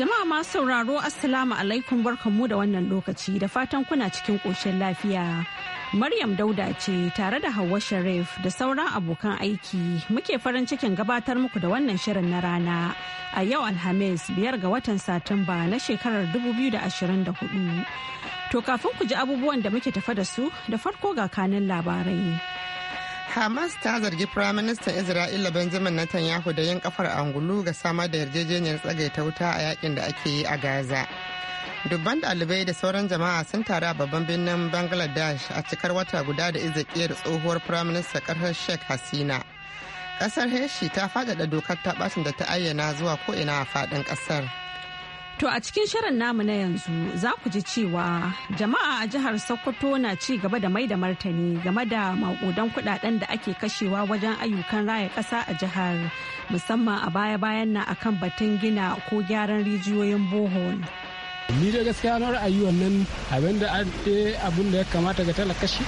Jama'a ma sauraro Assalamu alaikum mu da wannan lokaci da fatan kuna cikin ƙoshin lafiya. Maryam Dauda ce tare da Hauwa Sharif da sauran abokan aiki muke farin cikin gabatar muku da wannan shirin na rana a yau Alhamis biyar ga watan Satumba na shekarar 2024. To kafin ku ji abubuwan da muke tafa da su da farko ga kanin labarai. Hamas ta zargi Firaministan Isra'ila Benjamin Netanyahu da yin kafar angulu ga samar da yarjejeniyar tsagaita wuta a yakin da ake yi a Gaza. Dubban ɗalibai da sauran jama'a sun taru a babban birnin Bangladesh a cikar wata guda da izakiyar tsohuwar Firaminista ƙasar Sheikh Hasina. Ƙasar Heshi ta faɗaɗa dokar ta ɓacin da ta ayyana zuwa ko ina a faɗin ƙasar. To a cikin shirin namu na yanzu za ku ji cewa jama'a a jihar Sokoto na ci gaba da mai da martani game da makudan kudaden da ake kashewa wajen ayyukan raya ƙasa a jihar musamman a baya-bayan na akan batun gina ko gyaran rijiyoyin bohol. ni da gaskiya na ra'ayi wannan abin da eh, abin da ya kamata ga talaka shi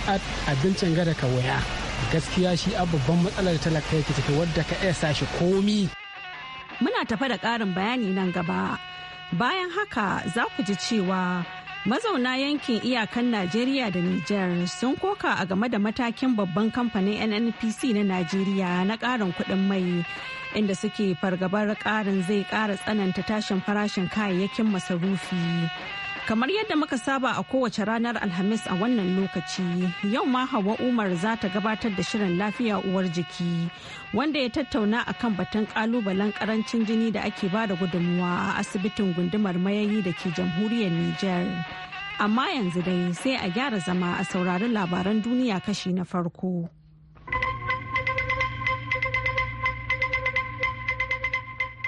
abincin gada ka waya gaskiya shi a babban matsalar talaka yake ciki wadda ka iya sashi komi muna tafa da ƙarin bayani nan gaba Bayan haka za ku ji cewa mazauna yankin iyakan Najeriya da Niger sun koka a game da matakin babban kamfanin NNPC na Najeriya na ƙarin kuɗin mai inda suke fargabar ƙarin zai ƙara tsananta tashin farashin kayayyakin masarufi. Kamar yadda muka saba a kowace ranar Alhamis a wannan lokaci, yau ma Hawa Umar za ta gabatar da shirin lafiya uwar jiki, wanda ya tattauna a kan batun kalubalen karancin jini da ake ba da gudunmuwa a asibitin gundumar mayayi da ke jamhuriyar Nijar. Amma yanzu dai sai a gyara zama a saurari labaran duniya kashi na farko.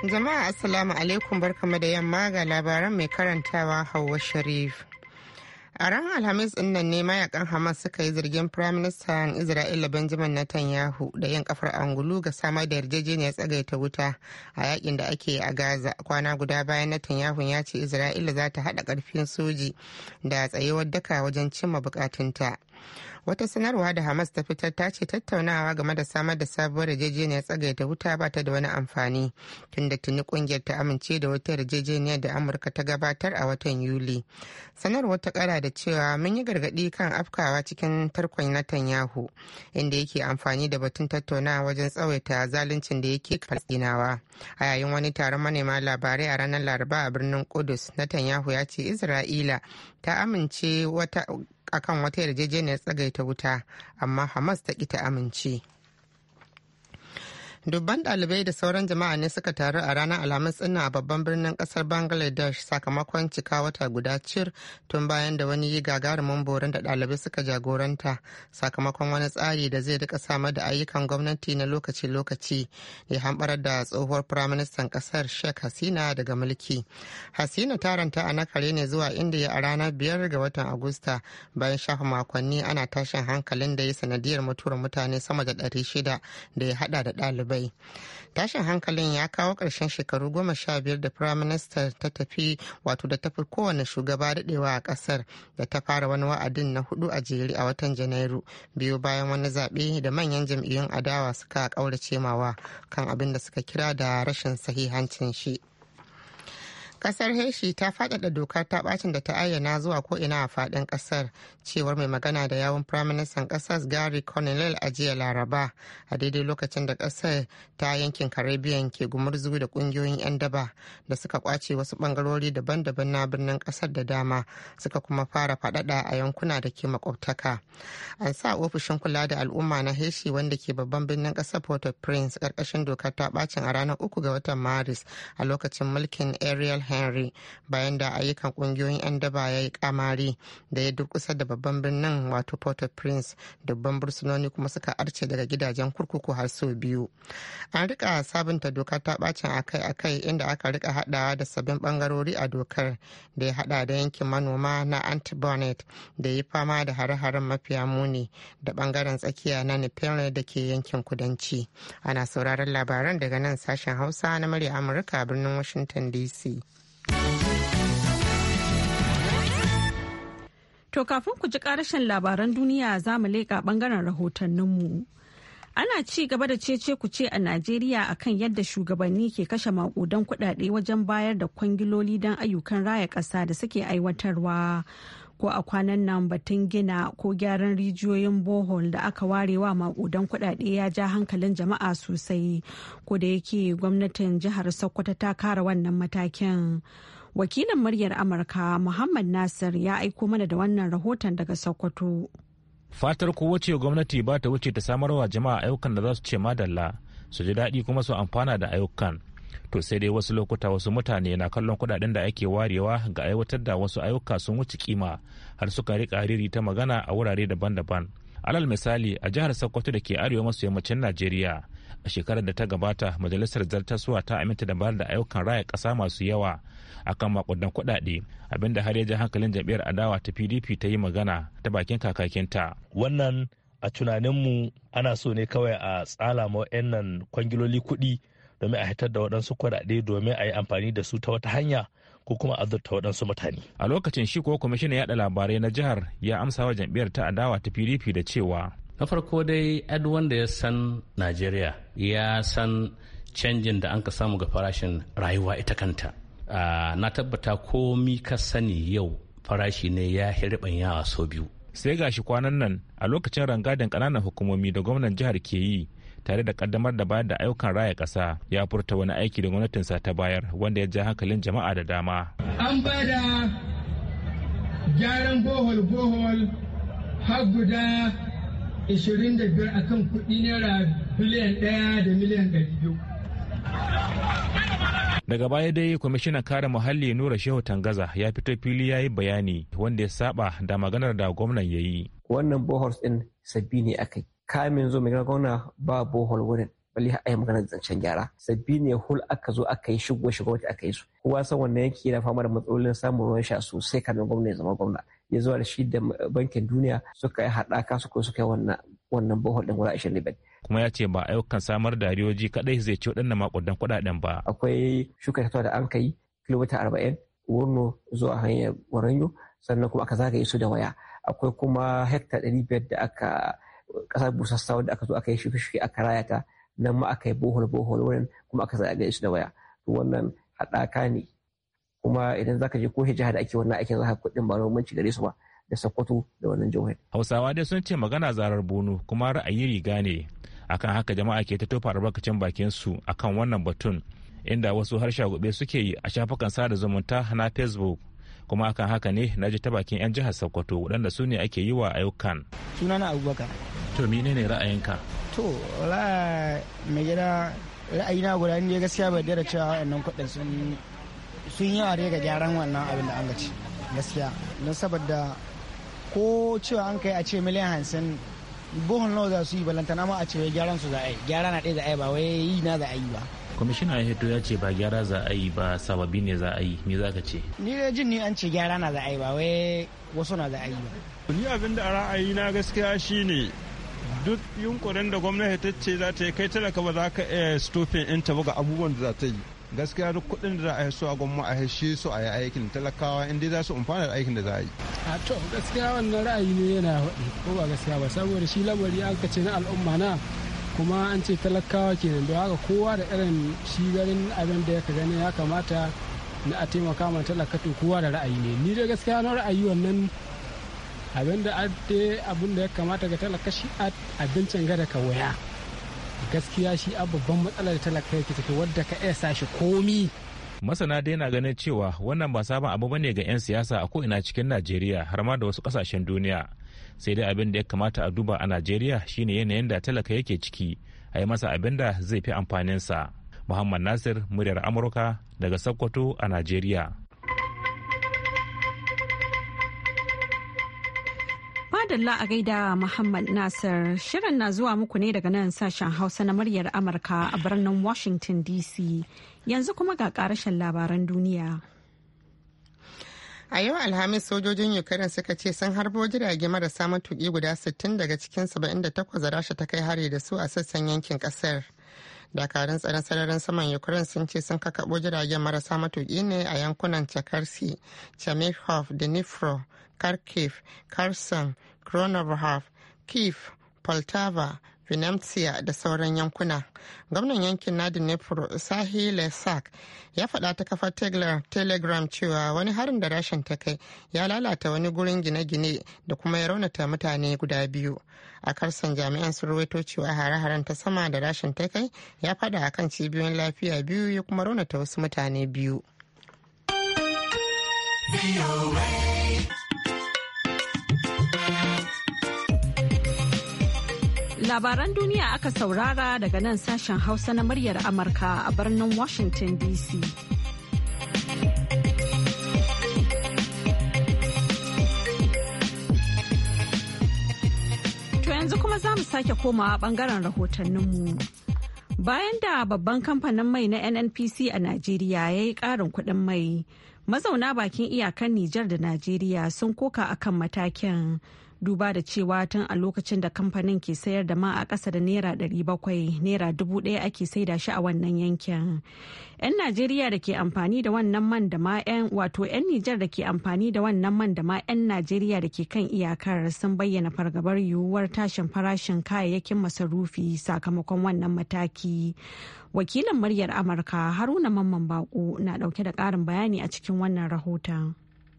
Jama'a Assalamu alaikum barkamu da yamma ga labaran mai karantawa Hauwa Sharif. A ran Alhamis din nan ne mayakan Hamas suka yi zargin Firaministan Isra'ila Benjamin Netanyahu da yin kafar angulu ga samar da yarjejeniyar tsagaita wuta a yakin da ake a Gaza kwana guda bayan Netanyahu ya ce Isra'ila za ta haɗa ƙarfin soji da tsayewar daka wajen cimma bukatunta. wata sanarwa da hamas ta fitar ta ce tattaunawa game da samar da sabuwar yarjejeniyar tsagaita wuta ba ta da wani amfani tunda tuni kungiyar ta amince da wata yarjejeniyar da amurka ta gabatar a watan yuli sanarwar ta kara da cewa mun yi gargadi kan afkawa cikin tarkon yahu inda yake amfani da batun tattaunawa wajen tsawaita zaluncin da yake falsinawa a yayin wani taron manema labarai a ranar laraba a birnin kudus yahu ya ce isra'ila ta amince akan wata yarjejeniyar tsagaita wuta amma hamas ta ƙi ta amince dubban ɗalibai da sauran jama'a ne suka taru a ranar alhamis ina a babban birnin ƙasar bangladesh sakamakon cika wata guda cir tun bayan da wani yi gagarumin borin da ɗalibai suka jagoranta sakamakon wani tsari da zai rika samar da ayyukan gwamnati na lokaci-lokaci ya hambarar da tsohuwar firaministan ƙasar sheikh hasina daga mulki hasina taranta a nakare ne zuwa indiya a ranar biyar ga watan agusta bayan shafa makonni ana tashin hankalin da ya sanadiyar mutuwar mutane sama da ɗari shida da ya haɗa da ɗalibai dubai tashin hankalin ya kawo ƙarshen shekaru goma sha biyar da prime minister ta tafi wato da tafi kowane shugaba daɗewa a ƙasar da ta fara wani wa'adin na hudu a jere a watan janairu biyu bayan wani zaɓe da manyan jam'iyyun adawa suka ƙaurace mawa kan abin da suka kira da rashin sahihancin shi. kasar haishi ta faɗaɗa dokar ta bacin da ta ayyana zuwa ko ina a faɗin kasar cewar mai magana da yawun firaministan kasar gary cornell a jiya laraba a daidai lokacin da kasar ta yankin caribbean ke gumurzu da kungiyoyin 'yan daba da suka kwace wasu bangarori daban-daban na birnin kasar da dama suka kuma fara faɗaɗa a yankuna da ke makwabtaka an sa ofishin kula da al'umma na heshi wanda ke babban birnin kasar port au prince karkashin dokar ta bacin a ranar uku ga watan maris a lokacin mulkin ariel henry bayan da ayyukan kungiyoyin 'yan daba ya yi kamari da ya duk kusa da babban birnin wato port-au-prince dubban bursunoni kuma suka arce daga gidajen kurkuku har sau biyu an rika sabunta doka ta bacin akai-akai inda aka rika hadawa da sabbin bangarori a dokar da ya hada da yankin manoma na antibonet da ya fama da hare-haren mafiya muni da bangaren tsakiya na nipere da ke yankin kudanci ana sauraron labaran daga nan sashen hausa na murya amurka birnin washington dc To kafin ku ji karashin labaran duniya za mu leƙa ɓangaren rahotanninmu. Ana ci gaba da cece ku ce a Najeriya akan yadda shugabanni ke kashe makudan kuɗaɗe wajen bayar da kwangiloli don ayyukan raya ƙasa da suke aiwatarwa. ko a kwanan nan batun gina ko gyaran rijiyoyin bohol da aka ware wa makudan kudade ya ja hankalin jama'a sosai ko da yake gwamnatin jihar sokoto ta kara wannan matakin wakilin muryar amurka muhammad nasir ya aiko mana da wannan rahoton daga sokoto fatar kowace gwamnati ba ta wuce ta samarwa jama'a ayyukan da za su ce madalla su ji daɗi kuma su amfana da ayyukan to sai dai wasu lokuta wasu mutane na kallon kudaden da ake warewa ga aiwatar da wasu ayyuka sun wuce kima har suka rika riri ta magana a wurare daban-daban alal misali a jihar sokoto da ke arewa maso yammacin najeriya a shekarar da ta gabata majalisar zartaswa ta aminta da bayar da ayyukan raya kasa masu yawa akan makudan kuɗaɗe abinda har ya ji hankalin jam'iyyar adawa ta pdp ta yi magana ta bakin kakakinta wannan a tunaninmu ana so ne kawai a tsala ma 'yan nan kwangiloli kuɗi domin a hitar da waɗansu kuɗaɗe domin a yi amfani da su ta wata hanya ko kuma a zurta waɗansu mutane. A lokacin shi ko kwamishinan yaɗa labarai na jihar ya amsa wa jam'iyyar ta adawa ta PDP da cewa. Na farko dai ad wanda ya san Najeriya ya san canjin da an ka samu ga farashin rayuwa ita kanta. na tabbata komi ka sani yau farashi ne ya yawa sau biyu. Sai gashi kwanan nan a lokacin rangadin ƙananan hukumomi da gwamnan jihar ke yi tare da kaddamar da bayar da ayyukan raya kasa ya furta wani aiki da gwamnatinsa ta bayar wanda ya ja hankalin jama'a da dama. An bada gyaran bohol bohol har guda 25 akan kuɗi naira biliyan ɗaya da miliyan biyu. daga baya dai kwamishinan kare muhalli nura shehu tangaza ya fito fili ya yi bayani wanda ya saba da maganar da gwamnan ya yi wannan bohors din sabbi ne aka yi kamin zo mai gwamna ba bohol wurin bali a yi maganar zancen gyara sabbi ne hul aka zo aka yi shigo shigo wata aka yi su kowa san wannan yanki yana fama da matsalolin samun ruwan sha sosai kamin gwamna ya zama gwamna ya zuwa da shi da bankin duniya suka yi haɗaka suka suka yi wannan wannan bohol din guda ashirin da kuma ya ce ba ayyukan samar da riyoji kadai zai ci waɗannan makudan kuɗaɗen ba akwai shuka ta da an kai kilomita arba'in wurno zuwa hanyar waranyo sannan kuma aka zagaye su da waya akwai kuma hekta ɗari biyar da aka kasar busassa da aka zo aka yi shuke-shuke aka raya ta nan ma aka yi bohol bohol wurin kuma aka zaɓe shi da waya to wannan haɗaka ne kuma idan zaka je ko jiha da ake wannan aikin zaka kuɗin ba ci gare su ba da Sokoto da wannan jihohin. Hausawa dai sun ce magana zarar bunu kuma ra'ayi riga ne akan haka jama'a ke ta tofa albarkacin bakin su akan wannan batun inda wasu harsha gobe suke yi a shafukan sada zumunta na Facebook kuma akan haka ne na ji ta bakin 'yan jihar Sokoto wadanda su ne ake yi wa ayyukan. Sunana Abubakar. to menene ra'ayinka to wala mai gida ra'ayina guda ne gaskiya bai da cewa wannan kudin sun sun yi ware ga gyaran wannan abin da an gaci gaskiya don saboda ko cewa an kai a ce miliyan hamsin buhun nawa za su yi balantana ma a ce gyaran su za a yi gyara na ɗaya za a yi ba wai yi na za a yi ba kwamishina ya ya ce ba gyara za a yi ba sababi ne za a yi me za ka ce ni da jin ni an ce gyara na za a yi ba wai wasu na za a yi ba ni abin da ra'ayi na gaskiya shine duk yunkurin da gwamnati ta ce za ta yi kai talaka ba za ka iya stofin ɗinta ba ga abubuwan da za ta yi gaskiya duk kuɗin da za a su a gwamma a shi su a yi aikin talakawa in za su amfana da aikin da za a yi. a to gaskiya wannan ra'ayi ne yana faɗi ko ba gaskiya ba saboda shi lamari an kace na al'umma na kuma an ce talakawa kenan don haka kowa da irin shi garin abin da ya gani ya kamata na a taimaka ma talaka kowa da ra'ayi ne ni da gaskiya na ra'ayi wannan abin da abin da ya kamata ga talaka shi abincin gada ka waya gaskiya shi a babban matsalar talaka yake take wadda ka iya sashi komi masana dai na ganin cewa wannan ba sabon abu bane ga 'yan siyasa a ko'ina cikin najeriya har ma da wasu kasashen duniya sai dai abin da ya kamata a duba a najeriya shine yanayin da talaka yake ciki a yi masa abin da zai fi amfaninsa muhammad nasir muryar amurka daga sokoto a najeriya madalla a gaida Muhammad Nasir shirin na zuwa muku ne daga nan sashen Hausa na muryar Amurka a birnin Washington DC yanzu kuma ga karashen labaran duniya. A yau Alhamis sojojin Ukraine suka ce sun harbo jirage marasa matuƙi guda 60 daga cikin 78 da Rasha ta kai hari da su a sassan yankin ƙasar. dakarun tsaron sararin saman ukraine sun ce sun kakaɓo jiragen marasa matuƙi ne a yankunan chakarsi chernihiv dnipro kharkiv kherson kronovhov kiev poltava Venezia da sauran yankuna. Gwamnan yankin na Dnipro Sahi Lesak ya faɗa ta kafar Telegram cewa wani harin da rashin ta kai ya lalata wani gurin gine-gine da kuma ya raunata mutane guda biyu. A karsan jami'an sun ruwaito cewa hare-haren ta sama da rashin ta kai ya faɗa kan cibiyoyin lafiya biyu ya kuma raunata wasu mutane biyu. Labaran duniya aka saurara daga nan sashen Hausa na muryar Amurka a birnin Washington DC. To yanzu kuma za mu sake komawa bangaren rahotanninmu. Bayan da babban kamfanin mai na NNPC a Najeriya ya yi ƙarin kuɗin mai, mazauna bakin iyakan Nijar da Najeriya sun koka akan matakin. duba da cewa tun a lokacin da kamfanin ke sayar da ma a ƙasa da naira 700 naira dubu 1000 ake saida shi a wannan yankin 'yan najeriya da ke amfani da wannan man da ma 'yan wato 'yan nijar da ke amfani da wannan man da ma 'yan najeriya da ke kan iyakar sun bayyana fargabar yiwuwar tashin farashin kayayyakin masarufi sakamakon wannan mataki wakilin muryar amurka haruna mamman bako na dauke da karin bayani a cikin wannan rahoton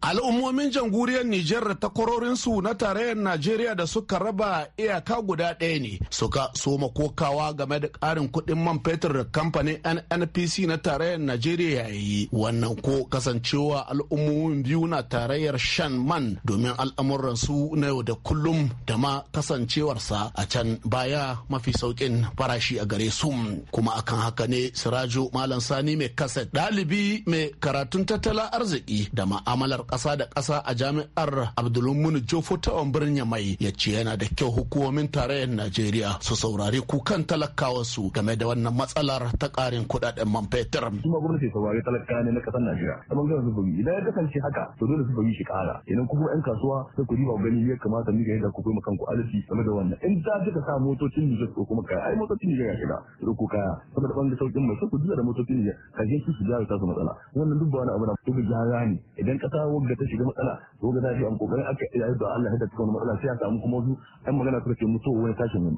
al'ummomin jamhuriyar Nijar da su na tarayyar Najeriya da suka raba iyaka guda ɗaya ne suka soma kokawa game da ƙarin kuɗin man fetur da kamfanin NNPC na tarayyar Najeriya ya yi wannan ko kasancewa al'ummomin biyu na tarayyar shan man domin al'amuransu na yau da kullum da ma kasancewarsa a can baya mafi sauƙin farashi a gare su kuma akan haka ne Sirajo Malam Sani mai kaset ɗalibi mai karatun tattalin arziki da ma'amalar kasa da kasa a jami'ar Abdulmumin Jofo ta birnin Mai ya ce yana da kyau hukumomin tarayyar Najeriya su saurari kukan talakawa su game da wannan matsalar ta karin kudaden man fetur. Kuma gwamnati saurari talakawa ne na kasar Najeriya. Ta bangaren su bugi idan ya kasance haka to dole su bugi shi kara Idan kuma 'yan kasuwa sai ku riba gani ya kamata ni ga yadda ku kuma kanku alifi game da wannan. In za ka sa motocin Nijar ko kuma kaya ai motocin Nijar ya shiga ko ko kaya saboda bangaren sauƙin mai sai ku dula da motocin Nijar ka je su su jawo ta su matsala. Wannan duk ba wani abu da ku gyara ne idan kasa wanda ta shiga matsala to ga za a an kokarin aka da Allah ya ta cikin matsala sai a samu kuma wasu ɗan magana suka ce mutuwa wani tashin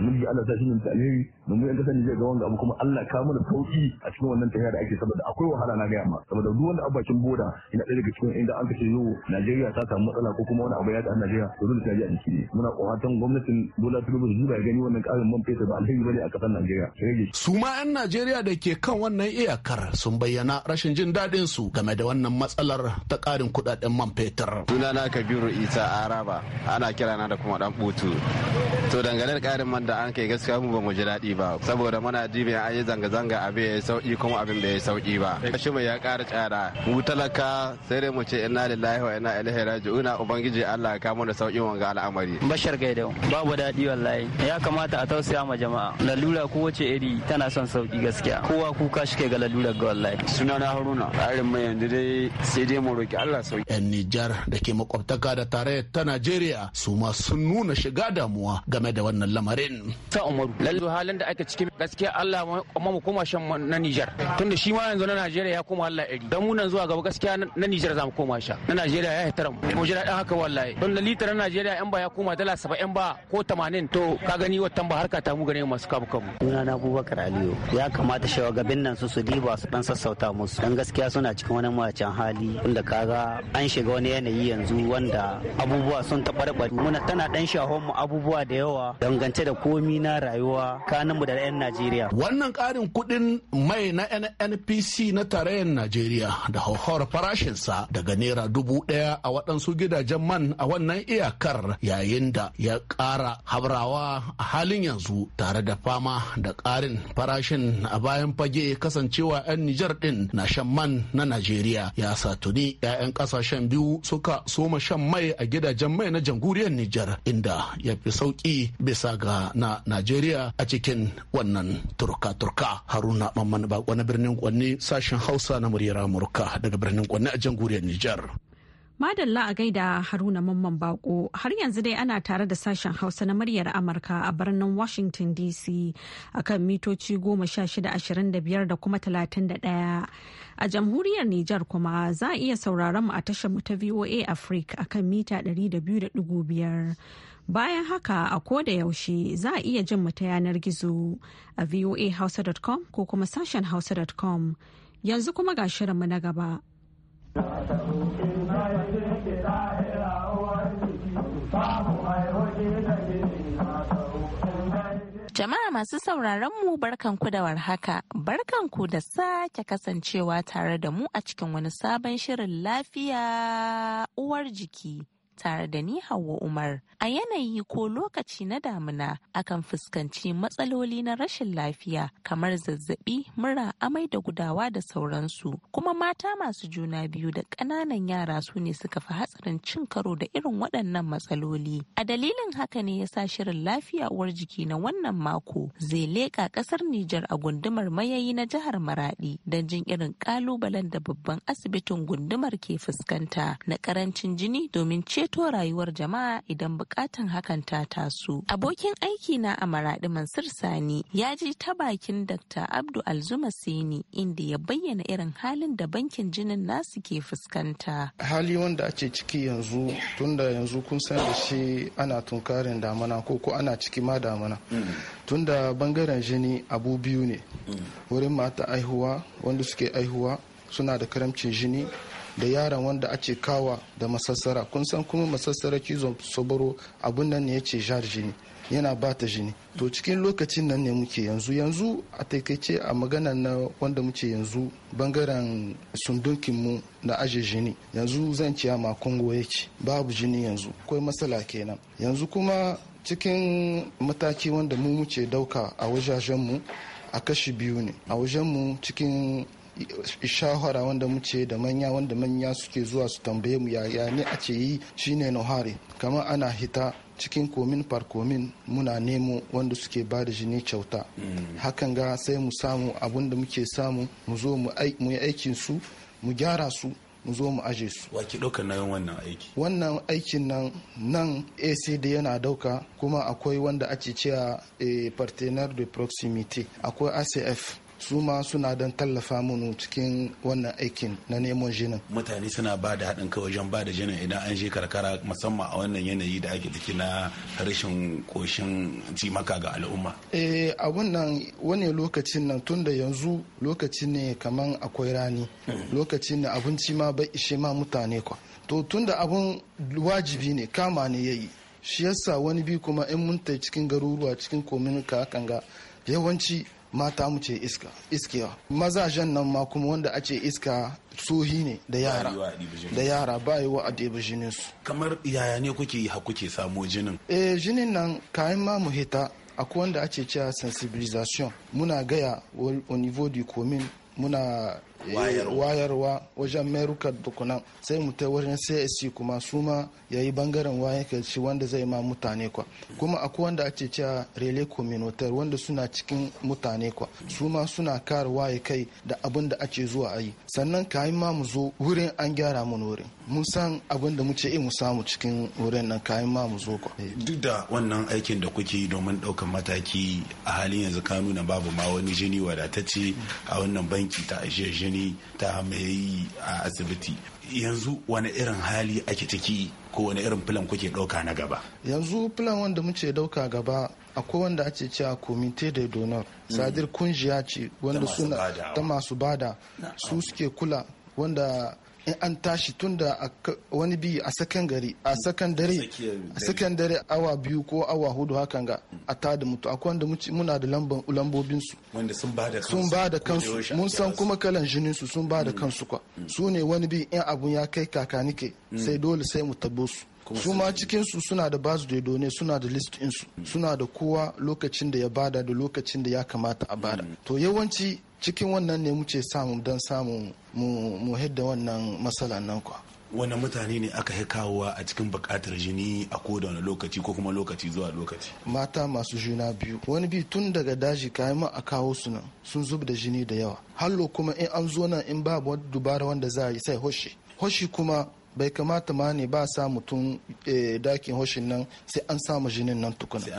mun Allah ta shine alheri mun mun ga sani zai ga wanga abu kuma Allah ka mana sauki a cikin wannan tafiya da ake saboda akwai wahala na gaya ma saboda duk wanda abakin boda ina ɗaya daga cikin inda an kace yau Najeriya ta samu matsala ko kuma wani abu ya ta Najeriya to dole ta ji a jiki ne muna ƙwatan gwamnatin Bola Tinubu su duba gani wannan ƙarin man fetur ba alheri bane a kasar Najeriya su ma 'yan Najeriya da ke kan wannan iyakar sun bayyana rashin jin daɗin su game da wannan matsalar ta ƙarin kuɗaɗen man fetur sunana Kabiru Isa Araba ana kirana da kuma dan butu to dangane da ƙarin man da an kai gaskiya mu ba mu ji daɗi ba saboda muna dibin an yi zanga-zanga abin ya sauki kuma abin bai sauki ba kashi mai ya ƙara tsara mu talaka sai dai mu ce inna lillahi wa inna ilaihi raji'un ubangiji Allah ya kamo da sauki wanga al'amari bashar gaidau babu daɗi wallahi ya kamata a tausaya ma jama'a lalura kowace iri tana son sauki gaskiya kowa kuka shi kai ga lalura ga wallahi sunana haruna tsarin mai yanzu dai sai dai mu roki Allah sauki yan Nijar da ke makwabtaka da tarayyar ta Najeriya su ma sun nuna shiga damuwa game da wannan lamarin ta umaru lalle halin da ake cikin gaskiya Allah amma mu koma shan na Niger tunda shi ma yanzu na Najeriya ya koma Allah iri dan mu nan zuwa gaba gaskiya na Niger za mu koma sha na Najeriya ya hitara mu mu jira dan haka wallahi don da na Najeriya yan ba ya koma dala 70 ba ko 80 to ka gani watan ba harka ta mu gane masu kabu kabu suna na Abubakar Aliyu ya kamata shawagabin nan su su diba su dan sassauta musu dan gaskiya suna cikin wani mawacin hali wanda kaga an shiga wani yanayi yanzu wanda abubuwa sun taɓarɓare muna tana dan shahon mu abubuwa da yawa dangance da komi na rayuwa kanunmu da 'yan Najeriya. Wannan ƙarin kuɗin mai na NNPC na tarayyar Najeriya da hauhawar farashinsa daga naira dubu ɗaya a waɗansu gidajen man a wannan iyakar yayin da ya ƙara habrawa a halin yanzu tare da fama da ƙarin farashin a bayan fage kasancewa 'yan Nijar ɗin na shan man na Najeriya ya sa tuni 'ya'yan ƙasashen biyu suka soma shan mai a gidajen mai na jamhuriyar Nijar inda ya fi sauƙi bisa ga na Najeriya a cikin wannan turka-turka Haruna Mamman ba wani birnin kwanni sashen Hausa na muryar Amurka daga birnin kwanni a jamhuriyar Nijar. Madalla a gaida Haruna Mamman Bako har yanzu dai ana tare da sashen Hausa na muryar Amurka a birnin Washington DC akan mitoci goma sha shida ashirin da biyar da kuma talatin da ɗaya. A jamhuriyar Nijar kuma za a iya sauraron mu a tashar mu ta VOA Africa akan mita ɗari da biyu da biyar. Bayan haka a ko da yaushe za a iya jin mu ta yanar gizo a voahausa.com ko kuma sashen hausa.com. Yanzu kuma ga shirinmu na gaba. Jama'a masu sauraron mu barkanku da warhaka, barkanku da sake kasancewa tare da mu a cikin wani sabon shirin lafiya uwar jiki tare da ni Hauwa Umar. A yanayi ko lokaci na damina akan fuskanci matsaloli na rashin lafiya kamar zazzabi, mura, amai da gudawa da sauransu. Kuma mata masu juna biyu da ƙananan yara su ne suka fi hatsarin cin karo da irin waɗannan matsaloli. A dalilin haka ne ya sa shirin lafiya uwar jiki na wannan mako zai leƙa ƙasar Nijar a gundumar mayayi na jihar Maradi don jin irin ƙalubalen da babban asibitin gundumar ke fuskanta na ƙarancin jini domin ceto ceto rayuwar jama'a idan bukatan hakan ta taso. Abokin aiki na a maraɗi Mansur Sani ya ji ta bakin Dr. Abdu Alzuma Sini inda ya bayyana irin halin da bankin jinin nasu ke fuskanta. Hali wanda ake ciki yanzu tunda yanzu kun san da shi ana tunkarin damana ko ko ana ciki ma damana. Tunda bangaren jini abu biyu ne. Wurin mata aihuwa wanda suke aihuwa suna da karamcin jini da yaron wanda ake kawa da masassara kun san kuma masassara kizon soboro abun nan ne yace jar jini yana ba ta jini to cikin lokacin nan ne muke yanzu yanzu a taikaice a magana na wanda muke yanzu bangaren mu na aje jini yanzu zan ciya ma kongo yake babu jini yanzu akwai matsala kenan yanzu kuma cikin mataki wanda mu muke dauka a mu a kashi biyu ne a mu cikin shahara wanda muke da manya wanda manya suke zuwa su tambaye mu yaya ne a ce yi shine nohari kamar ana hita cikin komin farkomin muna nemo wanda suke ba da jini kyauta mm. hakan ga sai mu samu abun da muke samu mu zo mu yi aikin su mu gyara su mu zo mu aje su. Wa ki ɗauka wannan aiki? Wannan aikin nan nan ACD yana ɗauka kuma akwai wanda ake cewa a eh, partenaire de proximité akwai ACF su ma suna don tallafa mun cikin wannan aikin na neman jinin mutane suna ba da haɗin kai wajen ba da jinin idan an je karkara musamman a wannan yanayi da ake ciki na rashin koshin cimaka ga al'umma eh a wannan wani lokacin nan tun da yanzu lokaci ne kaman akwai rani hmm. lokaci ne abinci ma bai ishe ma mutane kwa to tun da abun wajibi ne kama ne yayi shi yasa wani bi kuma in mun cikin garuruwa cikin kominika kanga yawanci mata mu ce iska iskiya mazajen nan ma kuma wanda a ce iska tsohi ne da yara da yara ba yi wa a jinin su kamar yaya ne kuke yi kuke samo jinin eh jinin nan kayan ma mu hita akwai wanda ake cewa sensibilisation muna gaya au niveau du commune muna wayarwa wajen merukan dukunan sai mu ta wurin csc kuma su ma ya yi bangaren wayan shi wanda zai ma mutane kwa kuma akwai wanda ake cewa rele communautaire wanda suna cikin mutane kwa su ma suna kare waye kai da abin da ake zuwa ayi sannan kayan ma mu zo wurin an gyara mu wurin mun san abin da in mu samu cikin wurin nan kayan ma mu zo kwa eh, duk da wannan aikin da kuke yi domin ɗaukar mataki a halin yanzu kanuna babu ma wani jini wadatacce a wannan banki ta ajiyar gani ta mai a asibiti yanzu wani irin hali ake ciki ko wani irin filan kuke ɗauka na gaba yanzu filan wanda muke ɗauka gaba akwai wanda ake ce cewa komite da donor hmm. sadir kunjiya ce wanda suna ta masu bada su suke kula wanda in an tashi tun da wani bi a sakan gari a sakan dare a sakan dare awa biyu ko awa hudu hakan ga mm. a ta da mutu akwai wanda muna da lambobin su wanda sun ba da kansu mun san kuma kalan jinin su sun ba da mm. kansu kwa mm. su ne wani bi in abun ya kai kakanike sai dole sai mu tabo su su ma cikin su suna da basu da ne suna da list su suna da kowa lokacin da ya bada da lokacin da ya kamata a bada to yawanci cikin wannan ne muke samu don samun mu hidda wannan matsalar nan kwa wani mutane ne aka yi kawowa a cikin bukatar jini a koda wani lokaci ko kuma lokaci zuwa lokaci mata masu juna biyu wani bi tun daga daji kayan ma a kawo su nan sun zub da jini da yawa hallo kuma in an zo nan in babu wani dubara wanda za a yi sai hoshi hoshi kuma bai kamata ma ne ba sa mutum eh, dakin hoshin nan sai an samu jinin nan tukuna sai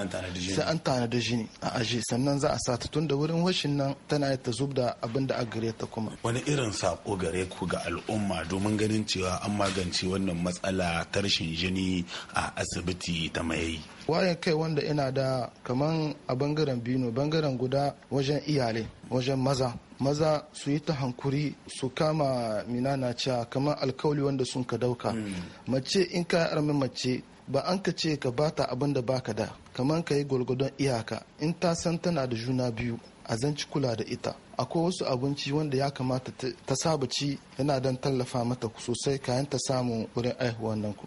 an tanadi jini a aji sannan za a sata ta tun da wurin hoshin nan tana yi ta zub da abin da a gare ta kuma wani irin sako gare ku ga al'umma domin ganin cewa an magance wannan matsala ta rashin jini a asibiti ta mayayi wayan kai wanda ina da kaman a bangaren bino bangaren guda wajen iyalai wajen maza maza su yi ta hankuri su kama minana cewa kamar alkawali wanda sun ka dauka hmm. mace in ka armi mace ba an ka ce ka bata abin da baka da kamar ka yi gwalgwadon iyaka in ta san tana da juna biyu a zanci kula da ita akwai wasu abinci wanda ya kamata ta saba ci yana dan tallafa mata sosai kayan ta samu wurin aihuwan nan ku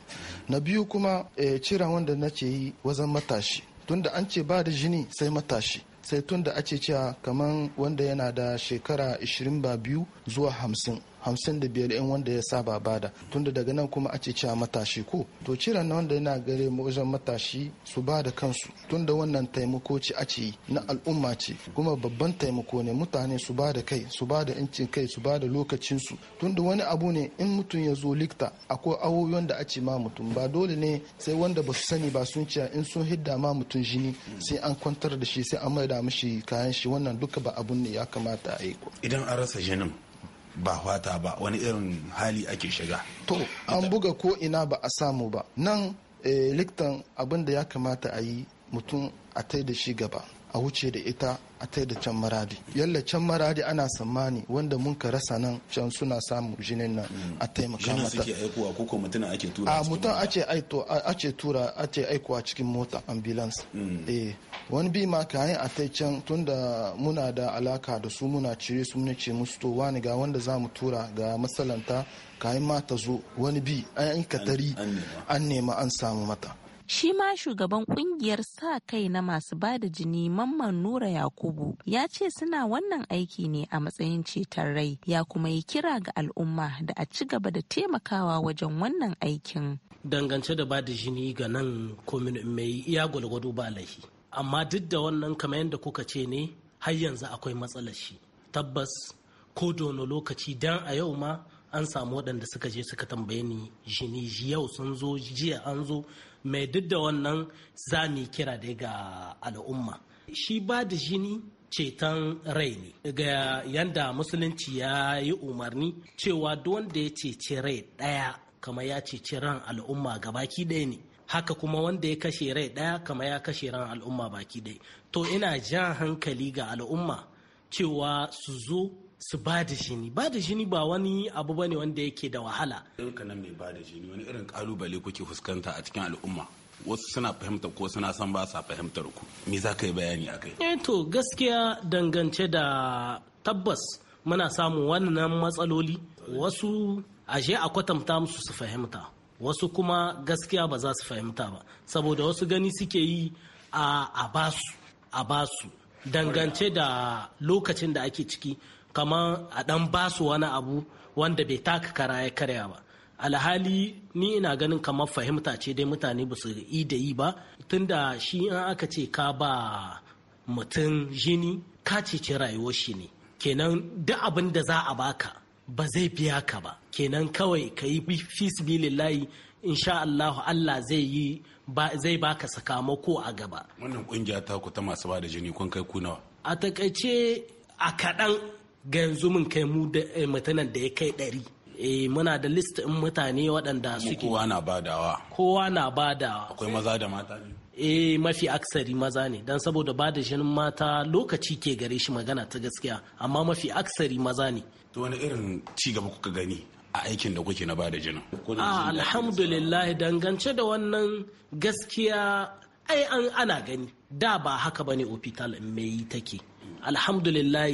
na biyu kuma eh, cira wanda na ce yi wajen matashi tunda an ce ba da jini sai matashi sai tun da ake cewa kamar wanda yana da shekara 20 ba biyu zuwa hamsin hamsin da biyar in wanda ya saba bada tunda daga nan kuma a ce cewa matashi ko to ciran na wanda yana gare mu wajen matashi su ba da kansu tunda wannan taimako ce a ce na al'umma ce kuma babban taimako ne mutane su ba da kai su ba da incin kai su ba da lokacinsu tunda wani abu ne in mutum ya zo likta akwai awoyon da a ce ma mutum ba dole ne sai wanda ba su sani ba sun ce in sun hidda ma mutum jini sai an kwantar da shi sai an maida mishi kayan shi wannan duka ba abun ne ya kamata a yi idan an rasa jinin ba fata ba wani irin hali ake shiga to an buga ko ina ba a samu ba nan eh, likitan abin da ya kamata a yi mutum a tai da shi gaba a wuce da ita a tai da can maradi yalla can maradi ana tsammani wanda mun ka rasa nan can suna samu jinin nan mm. a taimaka mata suke aikowa ko ake tura a mutum ake cikin mota ambulance mm. eh wani bi ma kayan a tai can tunda muna da alaka da su muna cire su muna ce musu to wani ga wanda za mu tura ga matsalanta ka ma ta zo wani bi an ka tari an nema an samu mata Shi ma shugaban kungiyar sa kai na masu bada jini Mamman Nura Yakubu ya ce suna wannan aiki ne a matsayin ceton rai ya kuma yi kira ga al'umma da a ci gaba da taimakawa wajen wannan aikin. Dangance da bada jini ga nan komin mai iya gwalgwado ba laifi. Amma duk da wannan kamar yadda kuka ce ne har yanzu akwai matsalar shi. Tabbas ko dono lokaci dan a yau ma an samu waɗanda suka je suka tambaye ni jini yau sun zo jiya an zo mai duk da wannan za mu kira dai ga al'umma shi ba da jini ceton rai ne ga yanda musulunci ya yi umarni cewa duk wanda ya cece rai ɗaya kama ya ceci ran al'umma ga baki ɗaya ne haka kuma wanda ya kashe rai ɗaya kama ya kashe ran al'umma baki ɗaya to ina jan hankali ga al'umma cewa su zo su ba da jini ba da jini ba wani abu bane wanda yake da wahala ɗinka nan mai ba da jini wani irin kalubale kuke fuskanta a cikin al'umma wasu suna fahimtar ko suna san ba sa fahimtar ku me za ka yi bayani a kai eh to gaskiya dangance da tabbas muna samun wannan matsaloli wasu ashe a kwatanta musu su fahimta wasu kuma gaskiya ba za su fahimta ba saboda wasu gani suke yi a basu a basu dangance da lokacin da ake ciki kamar a dan basu wani abu wanda bai taka kara ya karya ba alhali ni ina ganin kamar fahimta ce dai mutane ba su yi da yi ba tunda shi in aka ce ka ba mutum jini ka cece rayuwar shi ne kenan duk abin da za a baka ba zai biya ka ba kenan kawai ka yi layi insha Allah Allah zai yi zai baka sakamako a gaba wannan kungiya ta ku ta masu ba jini kun kai ku nawa a takaice a kaɗan ga yanzu mun kai mu da eh, mutanen da ya kai ɗari e muna da list in mutane waɗanda suke kowa na badawa kowa na badawa akwai maza da mata ne e mafi aksari maza ne don saboda bada da jinin mata lokaci ke gare shi magana ta gaskiya amma mafi aksari maza ne to wani irin ci gaba kuka gani a aikin da kuke na bada jinin ah, alhamdulillah dangance da wannan gaskiya ai an ana gani da ba haka ba ne hospital mai take alhamdulillah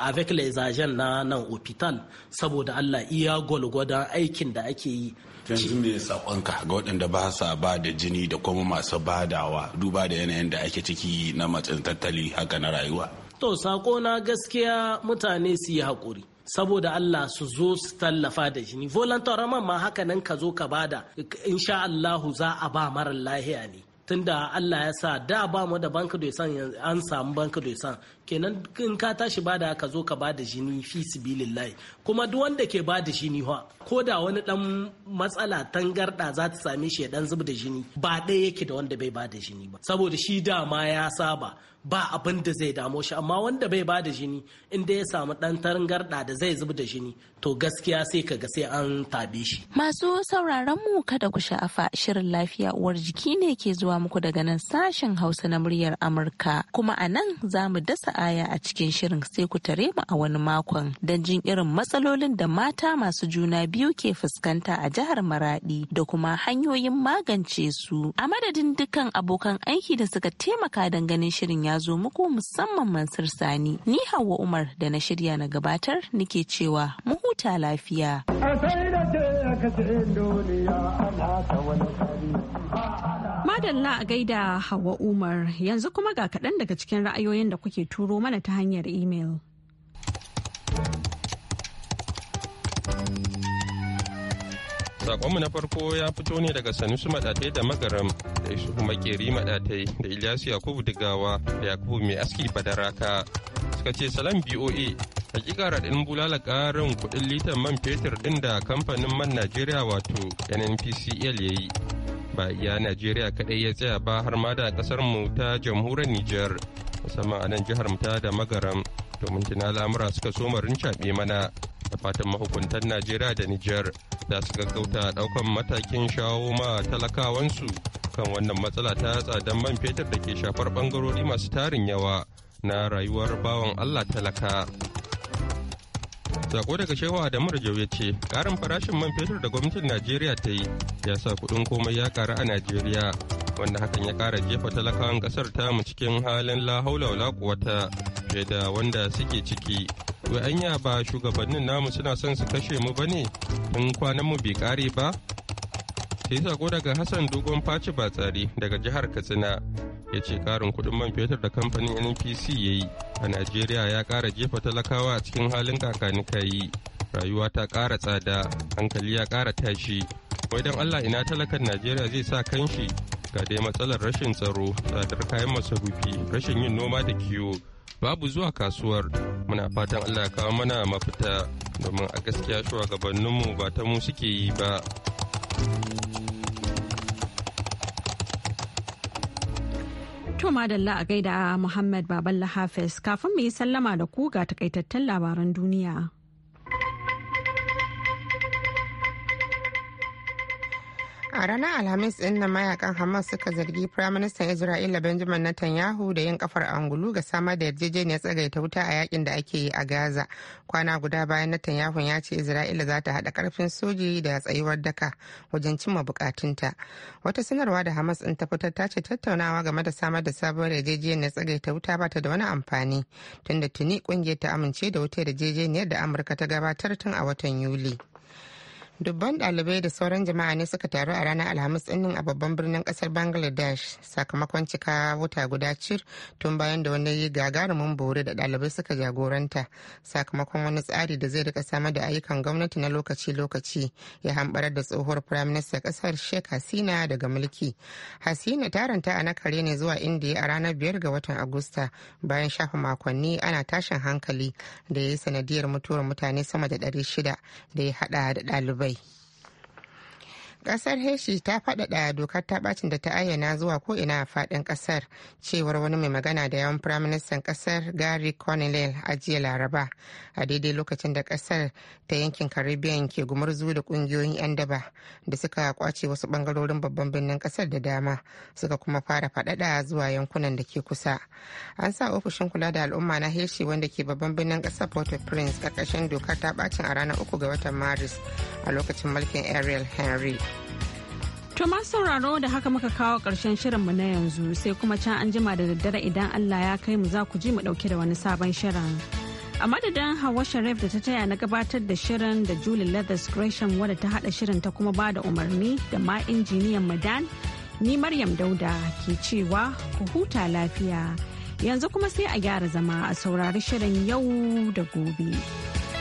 avec les agents na nan hospital saboda Allah iya gwalgwada aikin da ake yi yanzu me sakonka ga waɗanda ba sa ba da jini da kuma masu badawa duba da yanayin da ake ciki na matsin tattali haka na rayuwa to sako na gaskiya mutane su yi haƙuri saboda Allah su zo su tallafa da jini volunteerman ma haka nan ka zo ka bada insha Allahu za a ba mara lahiya ne tunda Allah ya sa da ba mu da banka da san an samu banka da san kenan in ka tashi bada ka zo ka bada jini fi sibilillahi kuma duk wanda ke bada jini fa ko da wani dan matsala tangarda za ta same shi ya dan zub da jini ba ɗaya yake da wanda bai bada jini ba saboda shi dama ya saba ba abin da zai damo shi amma wanda bai ba da jini inda ya samu dan tarangarda da zai zubi da jini to gaskiya sai ka ga sai an tabe shi masu sauraron mu kada ku sha'afa shirin lafiya uwar jiki ne ke zuwa muku daga nan sashen hausa na muryar amurka kuma a nan za mu dasa aya a cikin shirin sai ku tare mu a wani makon don jin irin matsalolin da mata masu juna biyu ke fuskanta a jihar maradi da kuma hanyoyin magance su a madadin dukkan abokan aiki da suka taimaka don ganin shirin ya ya zo muku musamman Mansur Sani. Ni Hauwa Umar da na shirya na gabatar nike cewa mu huta lafiya. Madalla a gaida Hauwa Umar yanzu kuma ga kaɗan daga cikin ra'ayoyin da kuke turo mana ta hanyar imel. Sakonmu na farko ya fito ne daga Sanusu Madatai da Magaram da Yusufu Makeri Madatai da Ilyasu Yakubu Digawa da Yakubu Mai Aski Badaraka. Suka ce salam BOA hakika raɗin bulala ƙarin kuɗin litan man fetur ɗin da kamfanin man Najeriya wato NNPCL ya yi. Ba iya Najeriya kaɗai ya tsaya ba har ma da ƙasar mu ta jamhuriyar Nijar musamman a nan jihar mu ta da Magaram domin tuna lamura suka so marin caɓe mana. da fatan mahukuntan najeriya da niger za su gaggauta daukan matakin shawo ma talakawansu kan wannan matsala ta tsadan man fetur da ke shafar bangarori masu tarin yawa na rayuwar bawan allah talaka sako daga shehu da rajau ya ce karin farashin man fetur da gwamnatin najeriya ta yi ya sa kudin komai ya karu a najeriya wanda hakan ya kara jefa talakawan kasar tamu cikin halin lahaula kuwata da wanda suke ciki Wai anya ba shugabannin namu suna son su kashe mu ba ne in kwanan mu bai kare ba sai sako daga hassan dogon faci batsari daga jihar katsina ya ce karin kudin man fetur da kamfanin npc ya yi a najeriya ya kara jefa talakawa a cikin halin kakanikayi rayuwa ta kara tsada hankali ya kara tashi wai don allah ina talakan najeriya zai sa kanshi ga dai matsalar rashin tsaro tsadar kayan masarufi rashin yin noma da kiwo babu zuwa kasuwar muna fatan allah kawo mana mafita domin a gaskiya shugabanninmu ba ta mu suke yi ba To madalla a gaida Muhammad Baballa Hafiz kafin mu yi sallama da ku ga takaitattun labaran duniya. a ranar alhamis din na mayakan hamas suka zargi firaministan isra'ila benjamin netanyahu da yin kafar angulu ga samar da yarjejeniyar tsagaita wuta a yakin da ake yi a gaza kwana guda bayan netanyahu ya ce isra'ila za ta haɗa karfin soji da tsayuwar daka wajen cimma bukatunta wata sanarwa da hamas din ta fitar ta ce tattaunawa game da samar da sabuwar yarjejeniyar tsagaita wuta ba ta da wani amfani tunda tuni kungiyar ta amince da wuta yarjejeniyar da amurka ta gabatar tun a watan yuli. dubban dalibai da sauran jama'a ne suka taru a ranar alhamis ɗinnin a babban birnin ƙasar bangladesh sakamakon cika wuta guda cir tun bayan da wani yi gagarumin bore da dalibai suka jagoranta sakamakon wani tsari da zai rika samar da ayyukan gwamnati na lokaci-lokaci ya hambarar da tsohuwar firaminista ƙasar sheikh hasina daga mulki hasina ta ranta a kare ne zuwa indiya a ranar biyar ga watan agusta bayan shafa makonni ana tashin hankali da ya yi sanadiyar mutuwar mutane sama da ɗari shida da ya haɗa da ɗalibai Bye. kasar heshi ta faɗaɗa dokar ta bacin da ta ayyana zuwa ko'ina a faɗin kasar cewar wani mai magana da yawan firaministan kasar gary cornell a jiya laraba a daidai lokacin da kasar ta yankin caribbean ke gumurzu da kungiyoyin 'yan daba da suka kwace wasu bangarorin babban birnin kasar da dama suka kuma fara faɗaɗa zuwa yankunan da ke kusa an sa ofishin kula da al'umma na heshi wanda ke babban birnin kasar port-au-prince ƙarƙashin dokar ta bacin a ranar uku ga watan maris a lokacin mulkin ariel henry To masu sauraro da haka muka kawo ƙarshen mu na yanzu sai kuma can an jima da daddare idan Allah ya kai mu za ku ji mu ɗauke da wani sabon shirin. A madadin Hawa Sharif da ta taya na gabatar da shirin da Julie Leathers Gresham wadda ta haɗa shirin ta kuma ba da umarni da ma injiniyan Madan ni Maryam Dauda ke cewa ku huta lafiya. Yanzu kuma sai a gyara zama a saurari shirin yau da gobe.